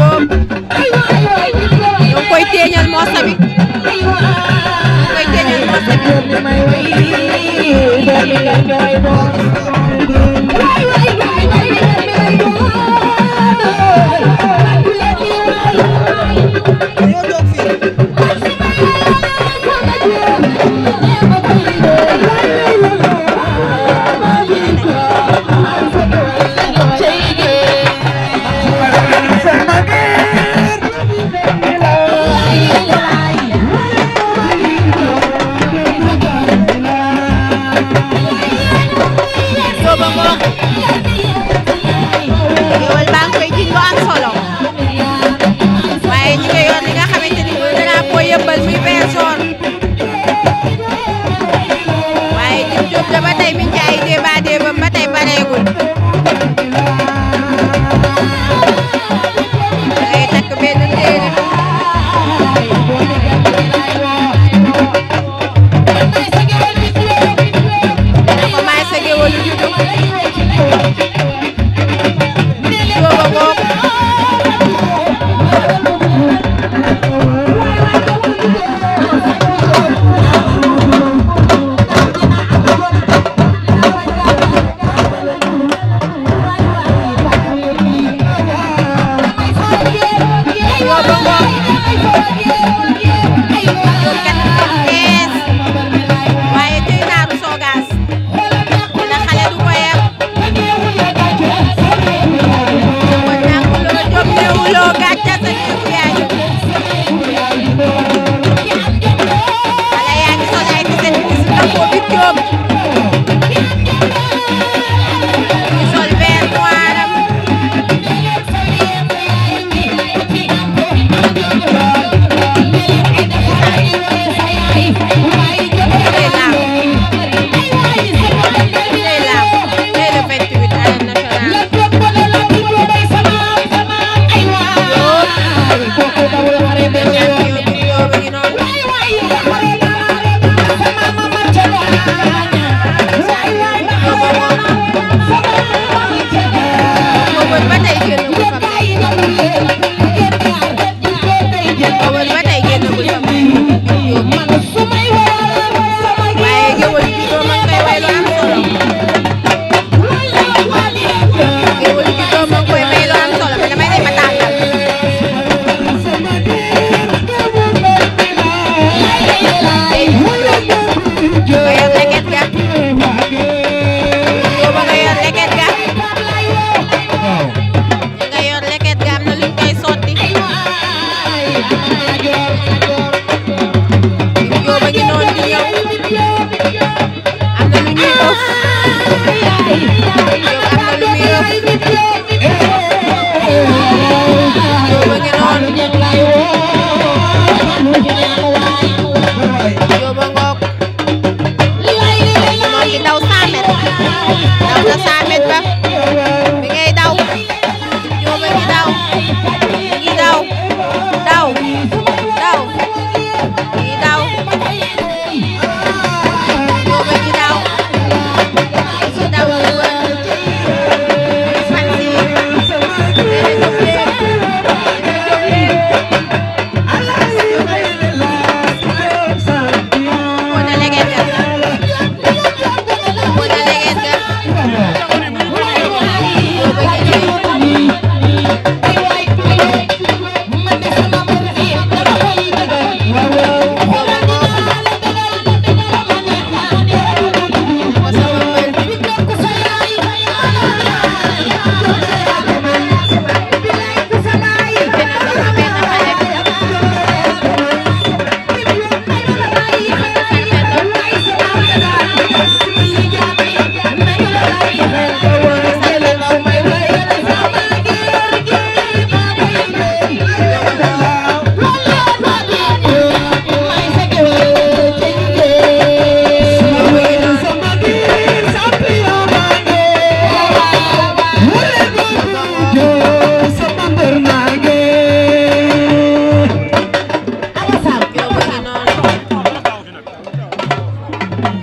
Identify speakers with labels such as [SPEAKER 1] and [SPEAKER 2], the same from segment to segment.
[SPEAKER 1] Diop ñoo koy teeñal moosa bi ñoo koy teeñal moosa bi Thank you.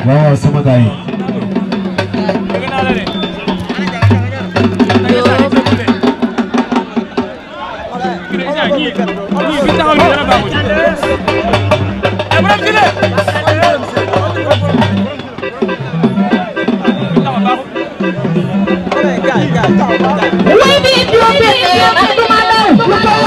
[SPEAKER 1] waaw sama gars yi. Why did you pick me up?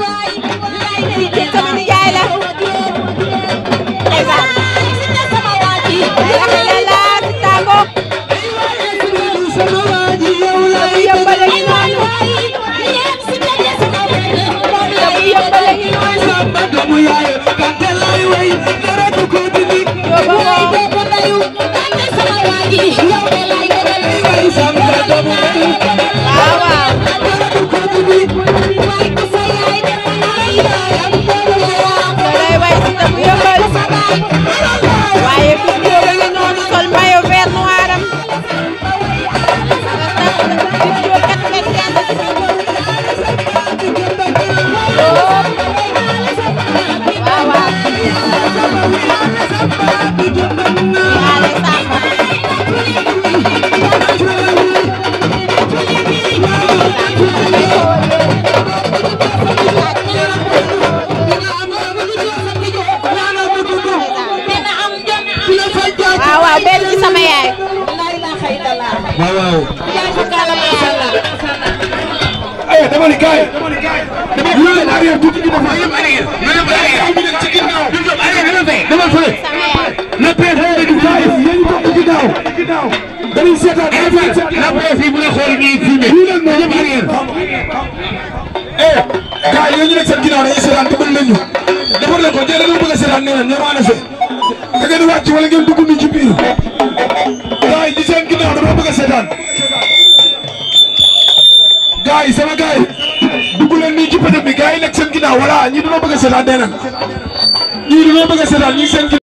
[SPEAKER 1] Thank you. ni gaay ñu leen arrière tuuti ñu defar ñu dem arrière ñu dem ci ginnaaw demal fële na pexe dañu gaay yéen topp ginnaaw dañuy seetaan na pexe yi bu nga xool ñuy filmé ñu leen ma yëpp arrière eh gaay yéen ñu nekk seen ginnaaw dañuy seetaan te mën nañu defar leen ko jëlee bëgg a seetaan nee na ñoom ana fe da ngeen wàcc wala ngeen dugg ni ci biir gaay yi seen ginnaaw dama bëgg a seetaan gaay sama gaay voilà ñi dañoo bëgg a seetaan dee nañ ñii dañoo bëgg a seetaan ñi seen